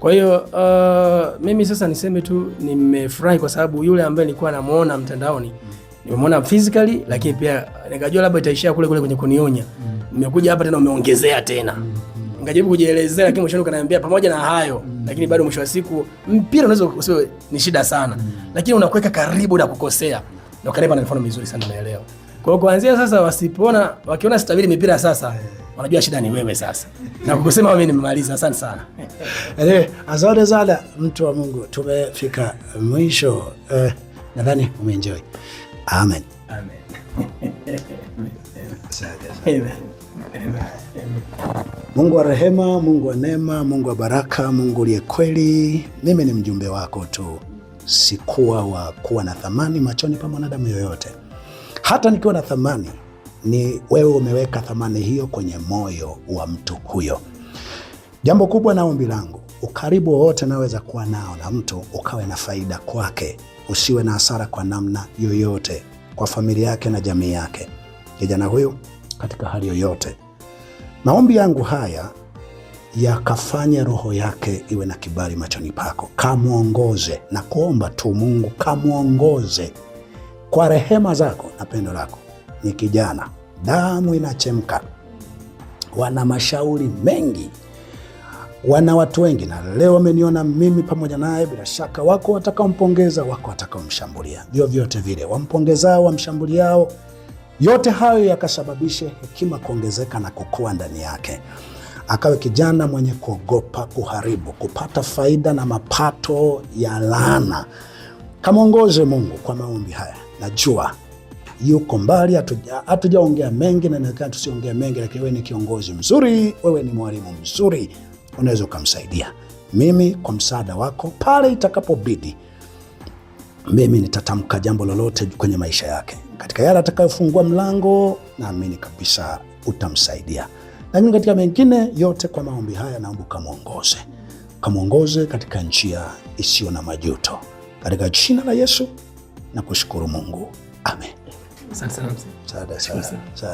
Kwa hiyo uh, mimi sasa niseme tu nimefurahi kwa sababu yule ambaye nilikuwa namuona mtandaoni nimemwona physically, lakini pia nikajua labda itaishia kule kule kwenye kunionya. Nimekuja hapa tena umeongezea tena, Ngajibu kujielezea, lakini mwisho ukaniambia pamoja na hayo, lakini bado mwisho wa siku mpira unaweza usiwe ni shida sana, lakini unakuweka karibu na kukosea, Ndio ukanipa na mifano mizuri sana, naelewa. Kwa hiyo kuanzia sasa, wasipoona wakiona sitawili mipira sasa Wanajua shida ni wewe sasa. Na kukusema mimi nimemaliza, asante sana. Eh, asante sana mtu wa Mungu. Tumefika mwisho. Eh, nadhani umeenjoy. Amen. Amen. Mungu wa rehema, Mungu wa neema, Mungu wa baraka, Mungu uliye kweli, mimi ni mjumbe wako tu, sikuwa wa kuwa na thamani machoni pa mwanadamu yoyote. Hata nikiwa na thamani ni wewe umeweka thamani hiyo kwenye moyo wa mtu huyo. Jambo kubwa na ombi langu, ukaribu wowote naweza kuwa nao na mtu ukawe na faida kwake, usiwe na hasara kwa namna yoyote, kwa familia yake na jamii yake, kijana huyu katika hali yoyote. Maombi yangu haya yakafanye roho yake iwe na kibali machoni pako, kamwongoze na kuomba tu, Mungu kamwongoze kwa rehema zako na pendo lako ni kijana, damu inachemka, wana mashauri mengi, wana watu wengi, na leo wameniona mimi pamoja naye. Bila shaka wako watakaompongeza, wako watakaomshambulia, vyovyote vile, wampongezao, wamshambuliao, yote hayo yakasababishe hekima kuongezeka na kukua ndani yake akawe kijana mwenye kuogopa kuharibu, kupata faida na mapato ya laana. Kamwongoze Mungu kwa maombi haya, najua yuko mbali, hatujaongea atuja mengi na inawezekana tusiongea mengi, lakini wewe ni kiongozi mzuri, wewe ni mwalimu mzuri, unaweza ukamsaidia. Mimi kwa msaada wako pale itakapobidi, mimi nitatamka jambo lolote kwenye maisha yake, katika yale atakayofungua mlango, naamini kabisa utamsaidia, lakini katika mengine yote, kwa maombi haya naomba ukamwongoze, kamwongoze katika njia isiyo na majuto, katika jina la Yesu na kushukuru Mungu, amen. Asante sana mzee. Saada, saada.